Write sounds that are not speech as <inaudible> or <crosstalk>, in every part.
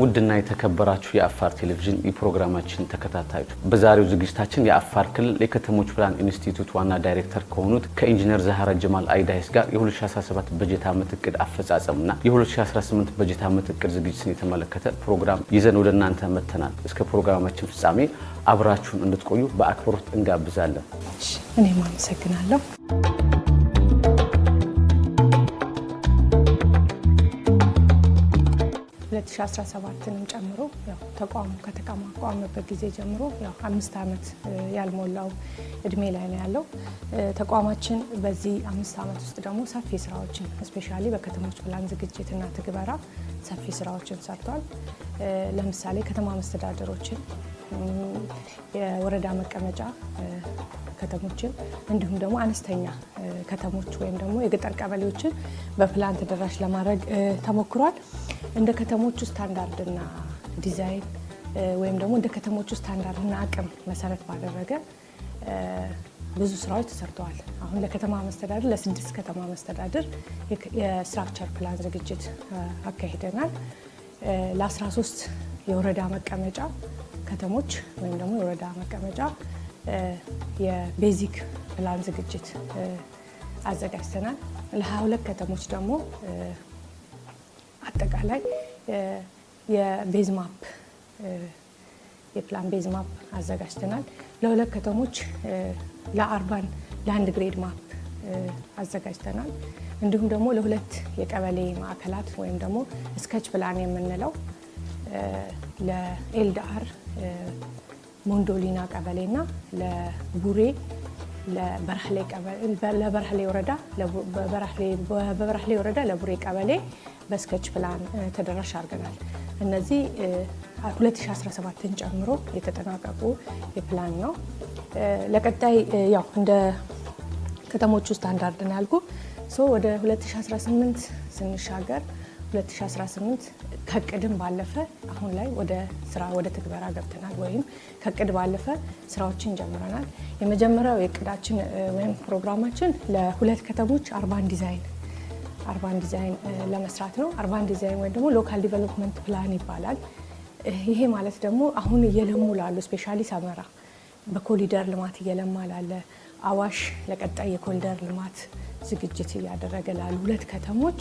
ውድና የተከበራችሁ የአፋር ቴሌቪዥን የፕሮግራማችን ተከታታዮች በዛሬው ዝግጅታችን የአፋር ክልል የከተሞች ፕላን ኢንስቲትዩት ዋና ዳይሬክተር ከሆኑት ከኢንጂነር ዛህራ ጀማል አይዳይስ ጋር የ2017 በጀት ዓመት እቅድ አፈጻጸምና የ2018 በጀት ዓመት እቅድ ዝግጅትን የተመለከተ ፕሮግራም ይዘን ወደ እናንተ መተናል። እስከ ፕሮግራማችን ፍጻሜ አብራችሁን እንድትቆዩ በአክብሮት እንጋብዛለን። እኔም አመሰግናለሁ። 2017ንም ጨምሮ ተቋሙ ከተቋቋመበት ጊዜ ጀምሮ አምስት ዓመት ያልሞላው እድሜ ላይ ነው ያለው ተቋማችን። በዚህ አምስት ዓመት ውስጥ ደግሞ ሰፊ ስራዎችን እስፔሻሊ በከተሞች ፕላን ዝግጅትና ትግበራ ሰፊ ስራዎችን ሰርቷል። ለምሳሌ ከተማ መስተዳደሮችን፣ የወረዳ መቀመጫ ከተሞችን እንዲሁም ደግሞ አነስተኛ ከተሞች ወይም ደግሞ የገጠር ቀበሌዎችን በፕላን ተደራሽ ለማድረግ ተሞክሯል። እንደ ከተሞቹ ስታንዳርድና ዲዛይን ወይም ደግሞ እንደ ከተሞቹ ስታንዳርድና አቅም መሰረት ባደረገ ብዙ ስራዎች ተሰርተዋል። አሁን ለከተማ መስተዳድር ለስድስት ከተማ መስተዳድር የስትራክቸር ፕላን ዝግጅት አካሂደናል። ለ13 የወረዳ መቀመጫ ከተሞች ወይም ደግሞ የወረዳ መቀመጫ የቤዚክ ፕላን ዝግጅት አዘጋጅተናል። ለ22 ከተሞች ደግሞ በአጠቃላይ ላይ የቤዝማፕ የፕላን ቤዝ ማፕ አዘጋጅተናል። ለሁለት ከተሞች ለአርባን ለአንድ ግሬድ ማፕ አዘጋጅተናል። እንዲሁም ደግሞ ለሁለት የቀበሌ ማዕከላት ወይም ደግሞ ስከች ፕላን የምንለው ለኤልዳአር ሞንዶሊና ቀበሌ እና ለቡሬ ለበራህሌ ወረዳ ለቡሬ ቀበሌ በስኬች ፕላን ተደራሽ አድርገናል። እነዚህ 2017ን ጨምሮ የተጠናቀቁ የፕላን ነው። ለቀጣይ ያው እንደ ከተሞቹ ስታንዳርድ ነው ያልኩ ወደ 2018 ስንሻገር 2018 ከቅድም ባለፈ አሁን ላይ ወደ ስራ ወደ ትግበራ ገብተናል፣ ወይም ከቅድ ባለፈ ስራዎችን ጀምረናል። የመጀመሪያው የቅዳችን ወይም ፕሮግራማችን ለሁለት ከተሞች አርባን ዲዛይን አርባን ዲዛይን ለመስራት ነው። አርባን ዲዛይን ወይም ደግሞ ሎካል ዲቨሎፕመንት ፕላን ይባላል። ይሄ ማለት ደግሞ አሁን እየለሙ ላሉ ስፔሻሊ ሰመራ በኮሊደር ልማት እየለማ ላለ፣ አዋሽ ለቀጣይ የኮሊደር ልማት ዝግጅት እያደረገ ላሉ ሁለት ከተሞች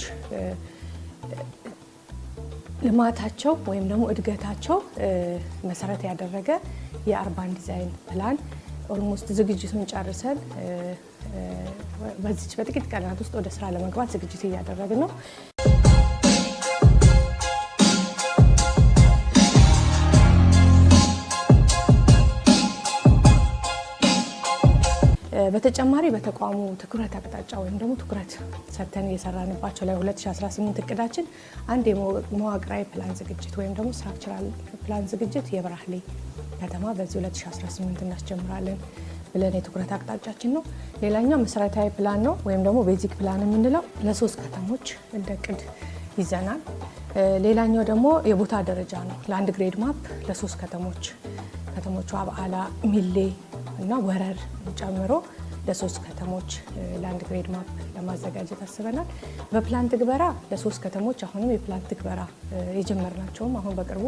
ልማታቸው ወይም ደግሞ እድገታቸው መሰረት ያደረገ የአርባን ዲዛይን ፕላን ኦልሞስት ዝግጅቱን ጨርሰን በዚች በጥቂት ቀናት ውስጥ ወደ ስራ ለመግባት ዝግጅት እያደረግን ነው። በተጨማሪ በተቋሙ ትኩረት አቅጣጫ ወይም ደግሞ ትኩረት ሰጥተን እየሰራንባቸው ላይ 2018 እቅዳችን አንድ የመዋቅራዊ ፕላን ዝግጅት ወይም ደግሞ ስትራክቸራል ፕላን ዝግጅት የብራህሌ ከተማ በዚህ 2018 እናስጀምራለን ብለን የትኩረት አቅጣጫችን ነው። ሌላኛው መሰረታዊ ፕላን ነው ወይም ደግሞ ቤዚክ ፕላን የምንለው ለሶስት ከተሞች እንደ ቅድ ይዘናል። ሌላኛው ደግሞ የቦታ ደረጃ ነው። ለአንድ ግሬድ ማፕ ለሶስት ከተሞች ከተሞቿ በዓላ፣ ሚሌ እና ወረር ጨምሮ ለሶስት ከተሞች ላንድ ግሬድ ማፕ ለማዘጋጀት አስበናል። በፕላን ትግበራ ለሶስት ከተሞች አሁንም የፕላን ትግበራ የጀመርናቸውም አሁን በቅርቡ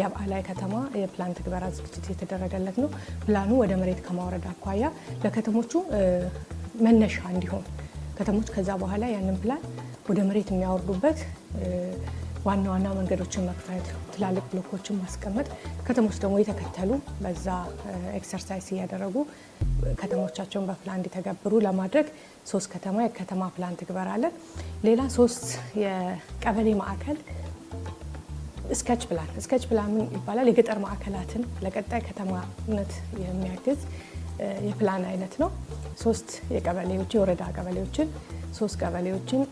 የአብአላይ ከተማ የፕላን ትግበራ ዝግጅት የተደረገለት ነው። ፕላኑ ወደ መሬት ከማውረድ አኳያ ለከተሞቹ መነሻ እንዲሆን ከተሞች ከዛ በኋላ ያንን ፕላን ወደ መሬት የሚያወርዱበት ዋና ዋና መንገዶችን መክፈት፣ ትላልቅ ብሎኮችን ማስቀመጥ፣ ከተሞች ደግሞ የተከተሉ በዛ ኤክሰርሳይስ እያደረጉ ከተሞቻቸውን በፕላን እንዲተገብሩ ለማድረግ ሶስት ከተማ የከተማ ፕላን ትግበራለን። ሌላ ሶስት የቀበሌ ማዕከል ስኬች ፕላን ስኬች ፕላን ይባላል። የገጠር ማዕከላትን ለቀጣይ ከተማነት የሚያግዝ የፕላን አይነት ነው። ሶስት የቀበሌዎች የወረዳ ቀበሌዎችን ሶስት ቀበሌዎችን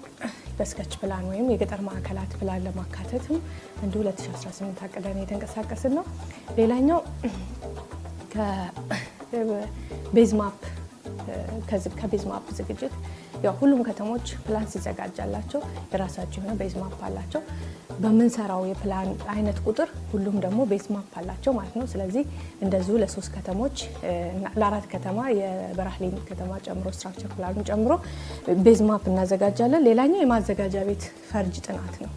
በስኬች ፕላን ወይም የገጠር ማዕከላት ፕላን ለማካተትም እንደ 2018 አቅደን የተንቀሳቀስን ነው። ሌላኛው ከቤዝማፕ <clears throat> <clears throat> ከቤዝማፕ ዝግጅት ያው ሁሉም ከተሞች ፕላን ሲዘጋጃላቸው የራሳቸው የሆነ ቤዝ ማፕ አላቸው። በምንሰራው የፕላን አይነት ቁጥር ሁሉም ደግሞ ቤዝ ማፕ አላቸው ማለት ነው። ስለዚህ እንደዚሁ ለሶስት ከተሞች ለአራት ከተማ የበራህሌን ከተማ ጨምሮ ስትራክቸር ፕላኑን ጨምሮ ቤዝ ማፕ እናዘጋጃለን። ሌላኛው የማዘጋጃ ቤት ፈርጅ ጥናት ነው።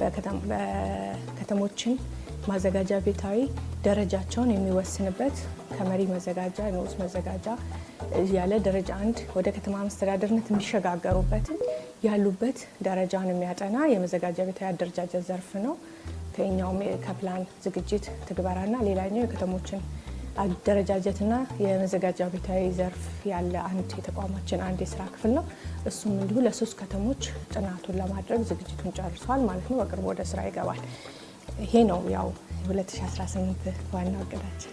በከተሞችን ማዘጋጃ ቤታዊ ደረጃቸውን የሚወስንበት ከመሪ መዘጋጃ ንዑስ መዘጋጃ ያለ ደረጃ አንድ ወደ ከተማ መስተዳደርነት የሚሸጋገሩበትን ያሉበት ደረጃን የሚያጠና የመዘጋጃ ቤታዊ አደረጃጀት ዘርፍ ነው። ከኛውም ከፕላን ዝግጅት ትግበራና ሌላኛው የከተሞችን አደረጃጀትና የመዘጋጃ ቤታዊ ዘርፍ ያለ አንድ የተቋማችን አንድ የስራ ክፍል ነው። እሱም እንዲሁ ለሶስት ከተሞች ጥናቱን ለማድረግ ዝግጅቱን ጨርሷል ማለት ነው። በቅርቡ ወደ ስራ ይገባል። ይሄ ነው ያው 2018 ዋናው እቅዳችን።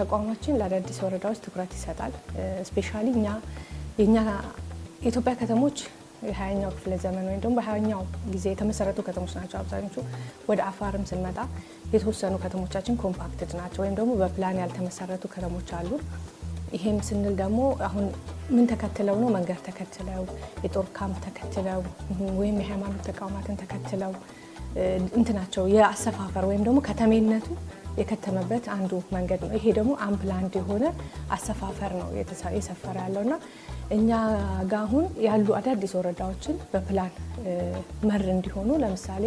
ተቋማችን ለአዳዲስ ወረዳዎች ትኩረት ይሰጣል። ስፔሻሊ እኛ የእኛ የኢትዮጵያ ከተሞች የሀያኛው ክፍለ ዘመን ወይም ደግሞ በሀያኛው ጊዜ የተመሰረቱ ከተሞች ናቸው። አብዛኞቹ ወደ አፋርም ስንመጣ የተወሰኑ ከተሞቻችን ኮምፓክትድ ናቸው፣ ወይም ደግሞ በፕላን ያልተመሰረቱ ከተሞች አሉ። ይሄም ስንል ደግሞ አሁን ምን ተከትለው ነው? መንገድ ተከትለው፣ የጦር ካምፕ ተከትለው ወይም የሃይማኖት ተቋማትን ተከትለው እንትናቸው የአሰፋፈር ወይም ደግሞ ከተሜነቱ የከተመበት አንዱ መንገድ ነው። ይሄ ደግሞ አምፕላንድ የሆነ አሰፋፈር ነው የሰፈረ ያለው እና እኛ ጋ አሁን ያሉ አዳዲስ ወረዳዎችን በፕላን መር እንዲሆኑ ለምሳሌ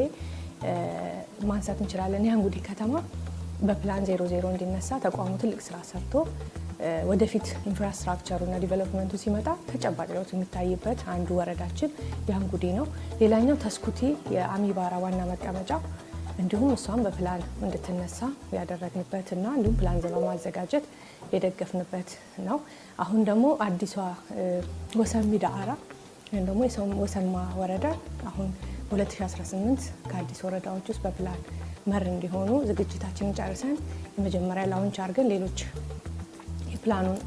ማንሳት እንችላለን። ያንጉዲ ከተማ በፕላን ዜሮ ዜሮ እንዲነሳ ተቋሙ ትልቅ ስራ ሰርቶ ወደፊት ኢንፍራስትራክቸሩ እና ዲቨሎፕመንቱ ሲመጣ ተጨባጭ ለውጥ የሚታይበት አንዱ ወረዳችን ያንጉዴ ነው። ሌላኛው ተስኩቲ የአሚባራ ዋና መቀመጫ እንዲሁም እሷም በፕላን እንድትነሳ ያደረግንበት እና እንዲሁም ፕላን ዘባ ማዘጋጀት የደገፍንበት ነው። አሁን ደግሞ አዲሷ ወሰሚ ዳዕራ ወይም ደግሞ ወሰማ ወረዳ አሁን በ2018 ከአዲስ ወረዳዎች ውስጥ በፕላን መር እንዲሆኑ ዝግጅታችንን ጨርሰን የመጀመሪያ ላውንች አድርገን ሌሎች ፕላኑን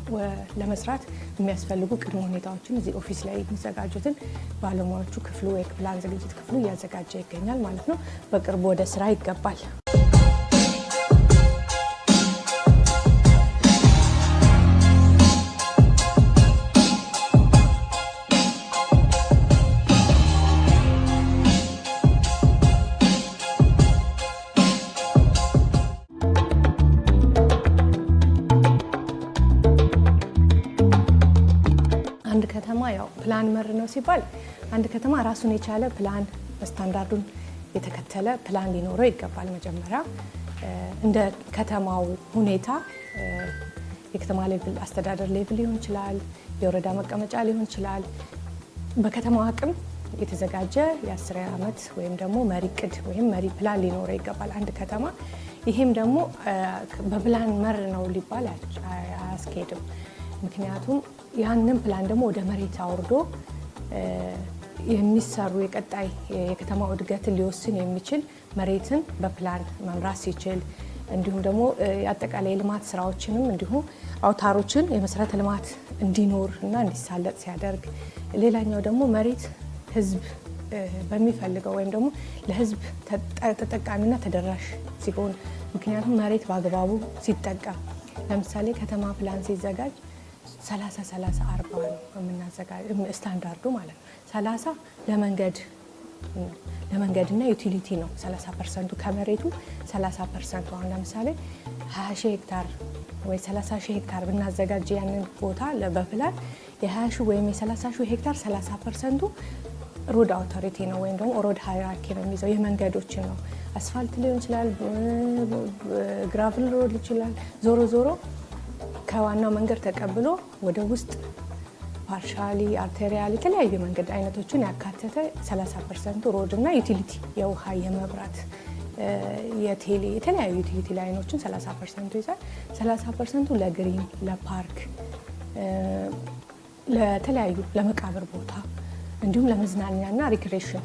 ለመስራት የሚያስፈልጉ ቅድመ ሁኔታዎችን እዚህ ኦፊስ ላይ የሚዘጋጁትን ባለሙያዎቹ ክፍሉ የፕላን ዝግጅት ክፍሉ እያዘጋጀ ይገኛል ማለት ነው። በቅርቡ ወደ ስራ ይገባል። ፕላን መር ነው ሲባል አንድ ከተማ ራሱን የቻለ ፕላን ስታንዳርዱን የተከተለ ፕላን ሊኖረው ይገባል። መጀመሪያ እንደ ከተማው ሁኔታ የከተማ ሌቭል አስተዳደር ሌቭል ሊሆን ይችላል፣ የወረዳ መቀመጫ ሊሆን ይችላል። በከተማው አቅም የተዘጋጀ የ10 ዓመት ወይም ደግሞ መሪ ቅድ ወይም መሪ ፕላን ሊኖረው ይገባል አንድ ከተማ። ይህም ደግሞ በፕላን መር ነው ሊባል አያስኬድም። ምክንያቱም ያንን ፕላን ደግሞ ወደ መሬት አውርዶ የሚሰሩ የቀጣይ የከተማ እድገትን ሊወስን የሚችል መሬትን በፕላን መምራት ሲችል እንዲሁም ደግሞ የአጠቃላይ የልማት ስራዎችንም እንዲሁም አውታሮችን የመሰረተ ልማት እንዲኖር እና እንዲሳለጥ ሲያደርግ፣ ሌላኛው ደግሞ መሬት ህዝብ በሚፈልገው ወይም ደግሞ ለህዝብ ተጠቃሚና ተደራሽ ሲሆን፣ ምክንያቱም መሬት በአግባቡ ሲጠቀም ለምሳሌ ከተማ ፕላን ሲዘጋጅ ሰላሳ ሰላሳ አርባ ነው የምናዘጋጀው ስታንዳርዱ ማለት ነው። ሰላሳ ለመንገድ ለመንገድና ዩቲሊቲ ነው 30 ፐርሰንቱ ከመሬቱ 30 ፐርሰንቱ አሁን ለምሳሌ 20 ሺህ ሄክታር ወይ 30 ሺህ ሄክታር ብናዘጋጅ ያንን ቦታ በፕላን የ20 ሺህ ወይም የ30 ሺህ ሄክታር 30 ፐርሰንቱ ሮድ አውቶሪቲ ነው ወይም ደግሞ ሮድ ሃይራርኪ ነው የሚይዘው የመንገዶችን ነው። አስፋልት ሊሆን ይችላል፣ ግራቭል ሮድ ይችላል። ዞሮ ዞሮ ከዋናው መንገድ ተቀብሎ ወደ ውስጥ ፓርሻሊ አርቴሪያል የተለያዩ መንገድ አይነቶችን ያካተተ 30 ፐርሰንቱ ሮድ እና ዩቲሊቲ የውሃ የመብራት የቴሌ የተለያዩ ዩቲሊቲ ላይኖችን 30 ፐርሰንቱ ይዛል። 30 ፐርሰንቱ ለግሪን፣ ለፓርክ፣ ለተለያዩ ለመቃብር ቦታ እንዲሁም ለመዝናኛና ሪክሬሽን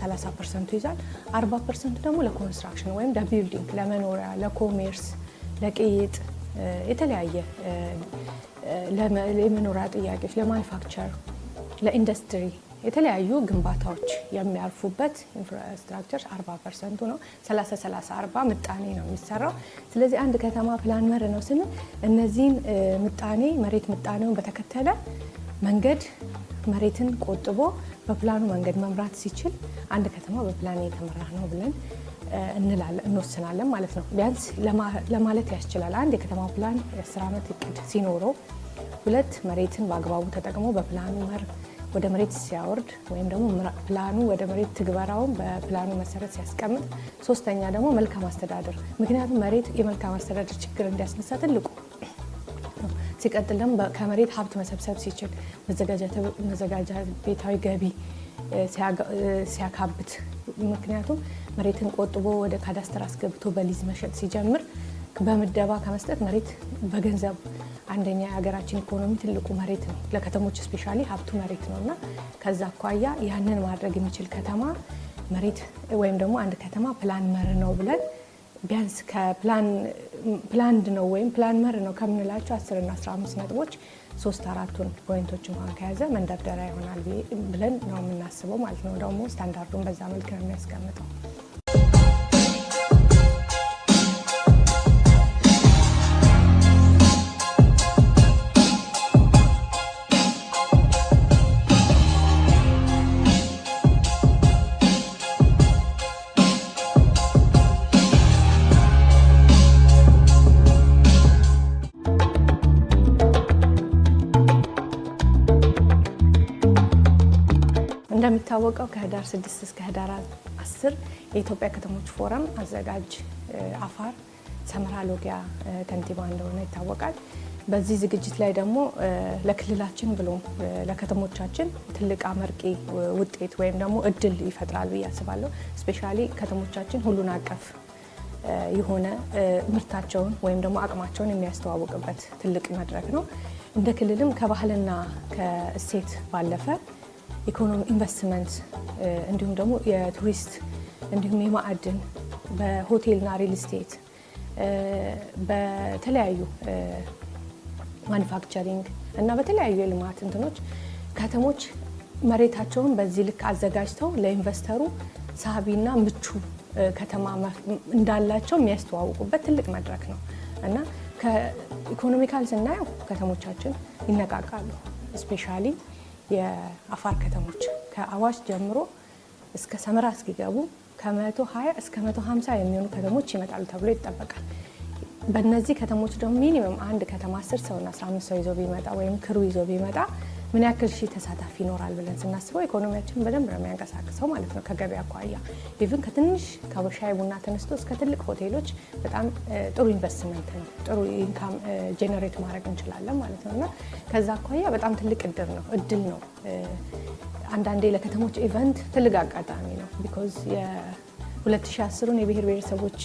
30 ፐርሰንቱ ይዛል። 40 ፐርሰንቱ ደግሞ ለኮንስትራክሽን ወይም ለቢልዲንግ፣ ለመኖሪያ፣ ለኮሜርስ፣ ለቅይጥ የተለያየ የመኖሪያ ጥያቄዎች ለማኒፋክቸር ለኢንዱስትሪ የተለያዩ ግንባታዎች የሚያርፉበት ኢንፍራስትራክቸር 40 ፐርሰንቱ ነው። 30 30 40 ምጣኔ ነው የሚሰራው። ስለዚህ አንድ ከተማ ፕላን መር ነው ስንል እነዚህን ምጣኔ መሬት ምጣኔውን በተከተለ መንገድ መሬትን ቆጥቦ በፕላኑ መንገድ መምራት ሲችል አንድ ከተማ በፕላን የተመራ ነው ብለን እንላለን እንወስናለን ማለት ነው። ቢያንስ ለማለት ያስችላል። አንድ የከተማ ፕላን የአስር ዓመት እቅድ ሲኖረው፣ ሁለት መሬትን በአግባቡ ተጠቅሞ በፕላኑ መር ወደ መሬት ሲያወርድ ወይም ደግሞ ፕላኑ ወደ መሬት ትግበራውን በፕላኑ መሰረት ሲያስቀምጥ፣ ሶስተኛ ደግሞ መልካም አስተዳደር። ምክንያቱም መሬት የመልካም አስተዳደር ችግር እንዲያስነሳ ትልቁ ሲቀጥል ደግሞ ከመሬት ሀብት መሰብሰብ ሲችል መዘጋጃ ቤታዊ ገቢ ሲያካብት፣ ምክንያቱም መሬትን ቆጥቦ ወደ ካዳስተር አስገብቶ በሊዝ መሸጥ ሲጀምር በምደባ ከመስጠት መሬት በገንዘብ አንደኛ የሀገራችን ኢኮኖሚ ትልቁ መሬት ነው። ለከተሞች ስፔሻሊ ሀብቱ መሬት ነው እና ከዛ አኳያ ያንን ማድረግ የሚችል ከተማ መሬት ወይም ደግሞ አንድ ከተማ ፕላን መር ነው ብለን ቢያንስ ከፕላንድ ነው ወይም ፕላን መር ነው ከምንላቸው 10 እና 15 ነጥቦች ሶስት አራቱን ፖይንቶች እንኳን ከያዘ መንደርደሪያ ይሆናል ብለን ነው የምናስበው ማለት ነው። ደግሞ ስታንዳርዱን በዛ መልክ ነው የሚያስቀምጠው። እንደሚታወቀው ከህዳር 6 እስከ ህዳር 10 የኢትዮጵያ ከተሞች ፎረም አዘጋጅ አፋር ሰመራ ሎጊያ ከንቲባ እንደሆነ ይታወቃል። በዚህ ዝግጅት ላይ ደግሞ ለክልላችን ብሎም ለከተሞቻችን ትልቅ አመርቂ ውጤት ወይም ደግሞ እድል ይፈጥራል ብዬ አስባለሁ። እስፔሻሊ ከተሞቻችን ሁሉን አቀፍ የሆነ ምርታቸውን ወይም ደግሞ አቅማቸውን የሚያስተዋውቅበት ትልቅ መድረክ ነው። እንደ ክልልም ከባህልና ከእሴት ባለፈ ኢኮኖሚ ኢንቨስትመንት እንዲሁም ደግሞ የቱሪስት እንዲሁም የማዕድን በሆቴልና ሪል ስቴት በተለያዩ ማኒፋክቸሪንግ እና በተለያዩ የልማት እንትኖች ከተሞች መሬታቸውን በዚህ ልክ አዘጋጅተው ለኢንቨስተሩ ሳቢና ምቹ ከተማ እንዳላቸው የሚያስተዋውቁበት ትልቅ መድረክ ነው እና ከኢኮኖሚካል ስናየው ከተሞቻችን ይነቃቃሉ። ስፔሻሊ የአፋር ከተሞች ከአዋሽ ጀምሮ እስከ ሰመራ እስኪገቡ ከ120 እስከ 150 የሚሆኑ ከተሞች ይመጣሉ ተብሎ ይጠበቃል። በእነዚህ ከተሞች ደግሞ ሚኒመም አንድ ከተማ 10 ሰውና 15 ሰው ይዞ ቢመጣ ወይም ክሩ ይዞ ቢመጣ ምን ያክል ሺህ ተሳታፊ ይኖራል ብለን ስናስበው ኢኮኖሚያችን በደንብ ነው የሚያንቀሳቅሰው ማለት ነው። ከገበያ አኳያ ኢቭን ከትንሽ ከሻይ ቡና ተነስቶ እስከ ትልቅ ሆቴሎች በጣም ጥሩ ኢንቨስትመንት ነው፣ ጥሩ ኢንካም ጄኔሬት ማድረግ እንችላለን ማለት ነው እና ከዛ አኳያ በጣም ትልቅ እድል ነው እድል ነው። አንዳንዴ ለከተሞች ኢቨንት ትልቅ አጋጣሚ ነው ቢኮዝ የ2010ን የብሔር ብሔረሰቦች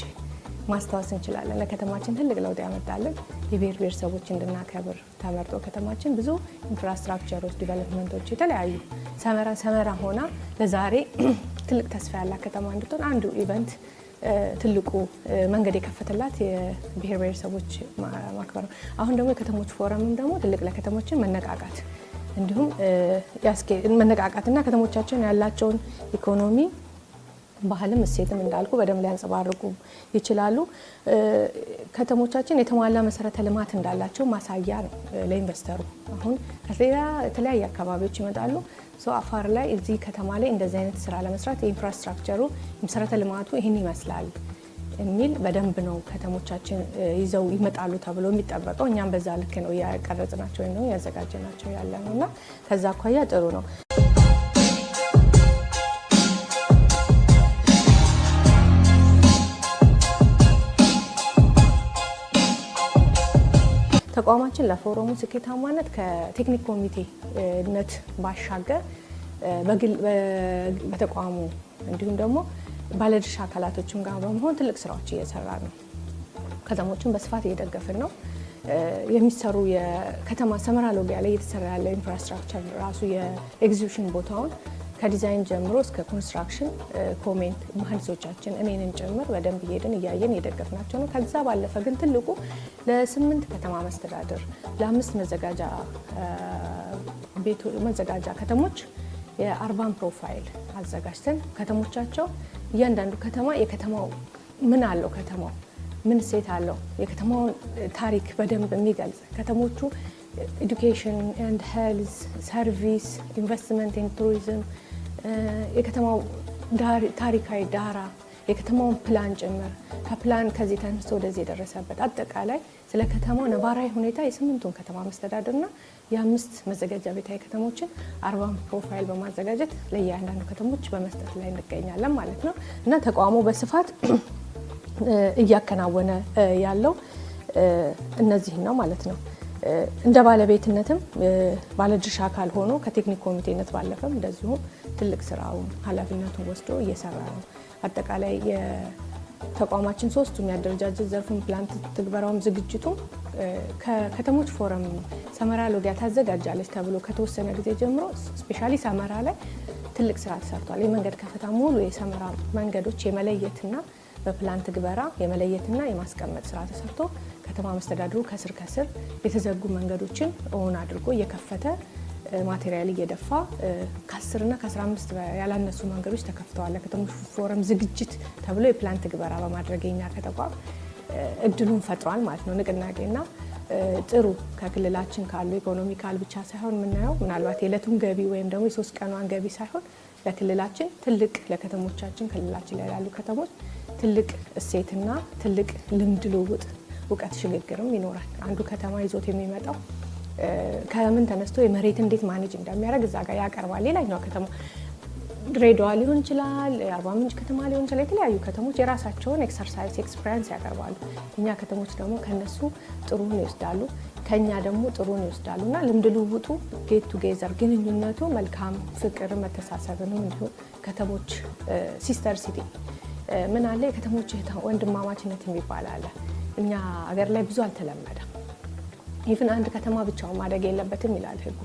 ማስታወስ እንችላለን። ለከተማችን ትልቅ ለውጥ ያመጣልን የብሔር ብሔረሰቦች እንድናከብር ተመርጦ ከተማችን ብዙ ኢንፍራስትራክቸሮች፣ ዲቨሎፕመንቶች የተለያዩ ሰመራ ሰመራ ሆና ለዛሬ <clears throat> ትልቅ ተስፋ ያላት ከተማ እንድትሆን አንዱ ኢቨንት ትልቁ መንገድ የከፈተላት የብሔር ብሔረሰቦች ማክበር ነው። አሁን ደግሞ የከተሞች ፎረምም ደግሞ ትልቅ ለከተሞችን መነቃቃት እንዲሁም መነቃቃትና ከተሞቻችን ያላቸውን ኢኮኖሚ ባህልም እሴትም እንዳልኩ በደንብ ሊያንጸባርቁ ይችላሉ። ከተሞቻችን የተሟላ መሰረተ ልማት እንዳላቸው ማሳያ ነው ለኢንቨስተሩ። አሁን ከሌላ የተለያየ አካባቢዎች ይመጣሉ። አፋር ላይ እዚህ ከተማ ላይ እንደዚህ አይነት ስራ ለመስራት የኢንፍራስትራክቸሩ መሰረተ ልማቱ ይህን ይመስላል የሚል በደንብ ነው ከተሞቻችን ይዘው ይመጣሉ ተብሎ የሚጠበቀው። እኛም በዛ ልክ ነው ያቀረጽናቸው ወይም ያዘጋጀናቸው ያለ ነው እና ከዛ አኳያ ጥሩ ነው። ተቋማችን ለፎረሙ ስኬታማነት ከቴክኒክ ኮሚቴነት ባሻገር በተቋሙ እንዲሁም ደግሞ ባለድርሻ አካላቶችም ጋር በመሆን ትልቅ ስራዎች እየሰራ ነው። ከተሞችን በስፋት እየደገፍን ነው። የሚሰሩ የከተማ ሰመራ ሎጊያ ላይ እየተሰራ ያለ ኢንፍራስትራክቸር ራሱ የኤግዚቢሽን ቦታውን ከዲዛይን ጀምሮ እስከ ኮንስትራክሽን ኮሜንት መሀንዲሶቻችን እኔንን ጭምር በደንብ እየሄድን እያየን እየደገፍናቸው ነው። ከዛ ባለፈ ግን ትልቁ ለስምንት ከተማ መስተዳድር ለአምስት መዘጋጃ መዘጋጃ ከተሞች የአርባን ፕሮፋይል አዘጋጅተን ከተሞቻቸው እያንዳንዱ ከተማ የከተማው ምን አለው ከተማው ምን ሴት አለው የከተማውን ታሪክ በደንብ የሚገልጽ ከተሞቹ ኤዱኬሽን ኤንድ ሄልዝ ሰርቪስ ኢንቨስትመንት ኤንድ ቱሪዝም የከተማው ታሪካዊ ዳራ የከተማውን ፕላን ጭምር ከፕላን ከዚህ ተነስቶ ወደዚህ የደረሰበት አጠቃላይ ስለ ከተማው ነባራዊ ሁኔታ የስምንቱን ከተማ መስተዳድርና የአምስት መዘጋጃ ቤታዊ ከተሞችን አርባን ፕሮፋይል በማዘጋጀት ለእያንዳንዱ ከተሞች በመስጠት ላይ እንገኛለን ማለት ነው እና ተቋሙ በስፋት <clears throat> እያከናወነ ያለው እነዚህን ነው ማለት ነው። እንደ ባለቤትነትም ባለድርሻ አካል ሆኖ ከቴክኒክ ኮሚቴነት ባለፈም እንደዚሁም ትልቅ ስራውን ኃላፊነቱን ወስዶ እየሰራ ነው። አጠቃላይ የተቋማችን ሶስቱም የአደረጃጀት ዘርፉን ፕላን ትግበራውም ዝግጅቱም ከከተሞች ፎረም ሰመራ ሎጊያ ታዘጋጃለች ተብሎ ከተወሰነ ጊዜ ጀምሮ ስፔሻሊ ሰመራ ላይ ትልቅ ስራ ተሰርቷል። የመንገድ ከፍታ ሙሉ የሰመራ መንገዶች የመለየትና በፕላን ትግበራ የመለየትና የማስቀመጥ ስራ ተሰርቶ ከተማ መስተዳድሩ ከስር ከስር የተዘጉ መንገዶችን እውን አድርጎ እየከፈተ ማቴሪያል እየደፋ ከአስርና ከ15 ያላነሱ መንገዶች ተከፍተዋል። ለከተሞች ፎረም ዝግጅት ተብሎ የፕላን ትግበራ በማድረግ የኛ ከተቋም እድሉን ፈጥሯል ማለት ነው። ንቅናቄና ጥሩ ከክልላችን ካሉ ኢኮኖሚካል ብቻ ሳይሆን የምናየው ምናልባት የዕለቱን ገቢ ወይም ደግሞ የሶስት ቀኗን ገቢ ሳይሆን ለክልላችን ትልቅ ለከተሞቻችን ክልላችን ላይ ላሉ ከተሞች ትልቅ እሴትና ትልቅ ልምድ ልውውጥ እውቀት ሽግግርም ይኖራል። አንዱ ከተማ ይዞት የሚመጣው ከምን ተነስቶ የመሬት እንዴት ማኔጅ እንደሚያደርግ እዛ ጋር ያቀርባል። ሌላኛው ከተማ ድሬዳዋ ሊሆን ይችላል፣ አርባ ምንጭ ከተማ ሊሆን ይችላል። የተለያዩ ከተሞች የራሳቸውን ኤክሰርሳይዝ ኤክስፒሪንስ ያቀርባሉ። እኛ ከተሞች ደግሞ ከነሱ ጥሩን ይወስዳሉ፣ ከኛ ደግሞ ጥሩን ይወስዳሉ እና ልምድ ልውውጡ ጌት ቱጌዘር ግንኙነቱ መልካም ፍቅር መተሳሰብንም እንዲሁም ከተሞች ሲስተር ሲቲ ምን አለ የከተሞች ወንድማማችነት የሚባል አለ። እኛ ሀገር ላይ ብዙ አልተለመደም። ኢቭን አንድ ከተማ ብቻውን ማደግ የለበትም ይላል ህጉ።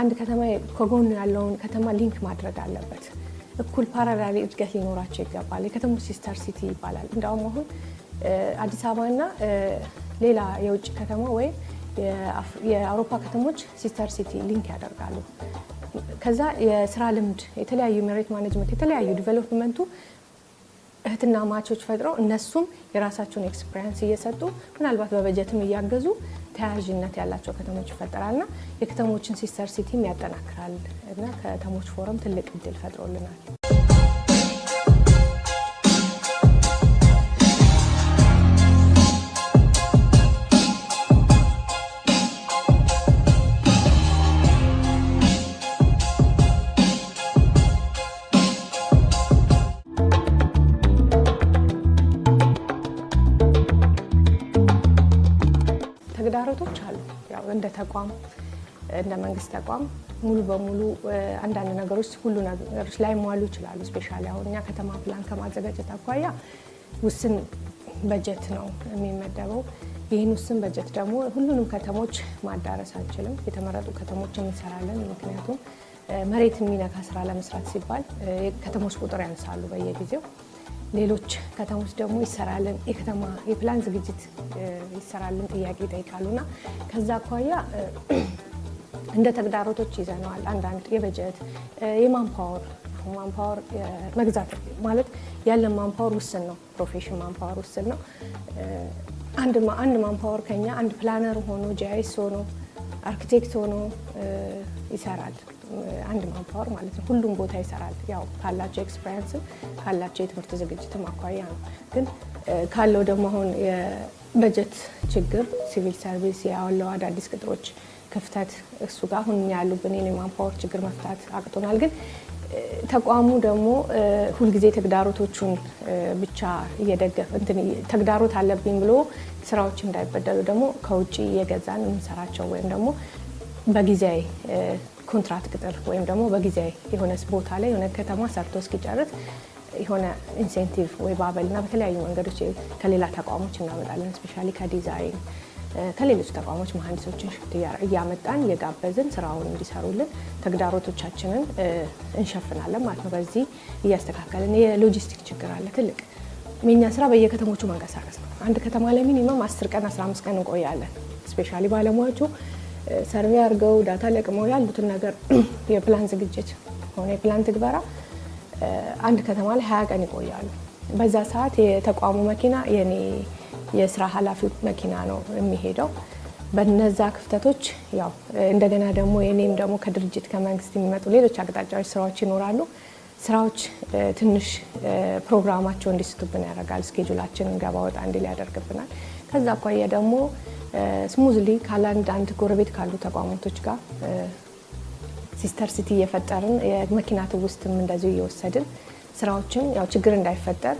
አንድ ከተማ ከጎኑ ያለውን ከተማ ሊንክ ማድረግ አለበት። እኩል ፓራላል እድገት ሊኖራቸው ይገባል። የከተሞ ሲስተር ሲቲ ይባላል። እንዲሁም አሁን አዲስ አበባና ሌላ የውጭ ከተማ ወይም የአውሮፓ ከተሞች ሲስተር ሲቲ ሊንክ ያደርጋሉ። ከዛ የስራ ልምድ፣ የተለያዩ መሬት ማኔጅመንት፣ የተለያዩ ዲቨሎፕመንቱ እህትና ማቾች ፈጥረው እነሱም የራሳቸውን ኤክስፔሪንስ እየሰጡ ምናልባት በበጀትም እያገዙ ተያያዥነት ያላቸው ከተሞች ይፈጠራልና የከተሞችን ሲስተር ሲቲም ያጠናክራል እና ከተሞች ፎረም ትልቅ እድል ፈጥሮልናል። ተቋም እንደ መንግስት ተቋም ሙሉ በሙሉ አንዳንድ ነገሮች ሁሉ ነገሮች ላይሟሉ ይችላሉ። ስፔሻሊ አሁን እኛ ከተማ ፕላን ከማዘጋጀት አኳያ ውስን በጀት ነው የሚመደበው። ይህን ውስን በጀት ደግሞ ሁሉንም ከተሞች ማዳረስ አንችልም። የተመረጡ ከተሞች እንሰራለን። ምክንያቱም መሬት የሚነካ ስራ ለመስራት ሲባል ከተሞች ቁጥር ያንሳሉ በየጊዜው ሌሎች ከተሞች ደግሞ ይሰራልን የከተማ የፕላን ዝግጅት ይሰራልን ጥያቄ ይጠይቃሉና ከዛ አኳያ እንደ ተግዳሮቶች ይዘነዋል። አንዳንድ የበጀት የማንፓወር ማንፓወር መግዛት ማለት ያለን ማንፓወር ውስን ነው። ፕሮፌሽን ማንፓወር ውስን ነው። አንድ አንድ ማንፓወር ከኛ አንድ ፕላነር ሆኖ ጂአይስ ሆኖ አርኪቴክት ሆኖ ይሰራል። አንድ ማንፓወር ማለት ነው። ሁሉም ቦታ ይሰራል። ያው ካላቸው ኤክስፐሪንስ ካላቸው የትምህርት ዝግጅትም አኳያ ነው። ግን ካለው ደግሞ አሁን የበጀት ችግር ሲቪል ሰርቪስ ያለው አዳዲስ ቅጥሮች ክፍተት እሱ ጋር አሁን ያሉብን የማንፓወር ችግር መፍታት አቅቶናል። ግን ተቋሙ ደግሞ ሁልጊዜ ተግዳሮቶቹን ብቻ እየደገፈ ተግዳሮት አለብኝ ብሎ ስራዎች እንዳይበደሉ ደግሞ ከውጭ እየገዛን የምንሰራቸው ወይም ደግሞ በጊዜያዊ ኮንትራት ቅጥር ወይም ደግሞ በጊዜያዊ የሆነ ቦታ ላይ የሆነ ከተማ ሰርቶ እስኪጨርስ የሆነ ኢንሴንቲቭ ወይ ባበል እና በተለያዩ መንገዶች ከሌላ ተቋሞች እናመጣለን። ስፔሻሊ ከዲዛይን ከሌሎች ተቋሞች መሀንዲሶችን ሽፍት እያመጣን እየጋበዝን ስራውን እንዲሰሩልን ተግዳሮቶቻችንን እንሸፍናለን ማለት ነው። በዚህ እያስተካከልን የሎጂስቲክ ችግር አለ ትልቅ የኛ ስራ በየከተሞቹ መንቀሳቀስ ነው። አንድ ከተማ ላይ ሚኒመም 10 ቀን 15 ቀን እንቆያለን። ስፔሻሊ ባለሙያዎቹ ሰርቬ አድርገው ዳታ ለቅመው ያሉትን ነገር <clears throat> የፕላን ዝግጅት ሆነ የፕላን ትግበራ አንድ ከተማ ላይ ሀያ ቀን ይቆያሉ። በዛ ሰዓት የተቋሙ መኪና የኔ የስራ ኃላፊ መኪና ነው የሚሄደው። በነዛ ክፍተቶች ያው እንደገና ደግሞ የኔም ደግሞ ከድርጅት ከመንግስት የሚመጡ ሌሎች አቅጣጫዎች ስራዎች ይኖራሉ። ስራዎች ትንሽ ፕሮግራማቸው እንዲስቱብን ያደርጋል። ስኬጁላችን ገባ ወጣ እንዲል ያደርግብናል። ከዛ አኳያ ደግሞ ስሙዝሊ ከአንድ አንድ ጎረቤት ካሉ ተቋማቶች ጋር ሲስተር ሲቲ እየፈጠርን የመኪናት ውስጥ እንደዚሁ እየወሰድን ስራዎችን ያው ችግር እንዳይፈጠር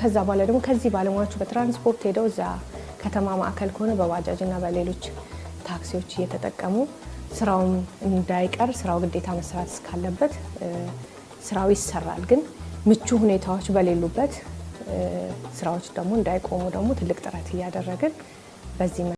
ከዛ በኋላ ደግሞ ከዚህ ባለሙያዎቹ በትራንስፖርት ሄደው እዛ ከተማ ማዕከል ከሆነ በባጃጅ እና በሌሎች ታክሲዎች እየተጠቀሙ ስራውም እንዳይቀር ስራው ግዴታ መሰራት እስካለበት ስራው ይሰራል። ግን ምቹ ሁኔታዎች በሌሉበት ስራዎች ደግሞ እንዳይቆሙ ደግሞ ትልቅ ጥረት እያደረግን በዚህ